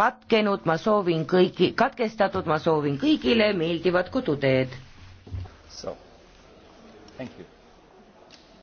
katkenud, ma soovin kõiki, katkestatud, ma soovin kõigile meeldivat koduteed. So, thank you.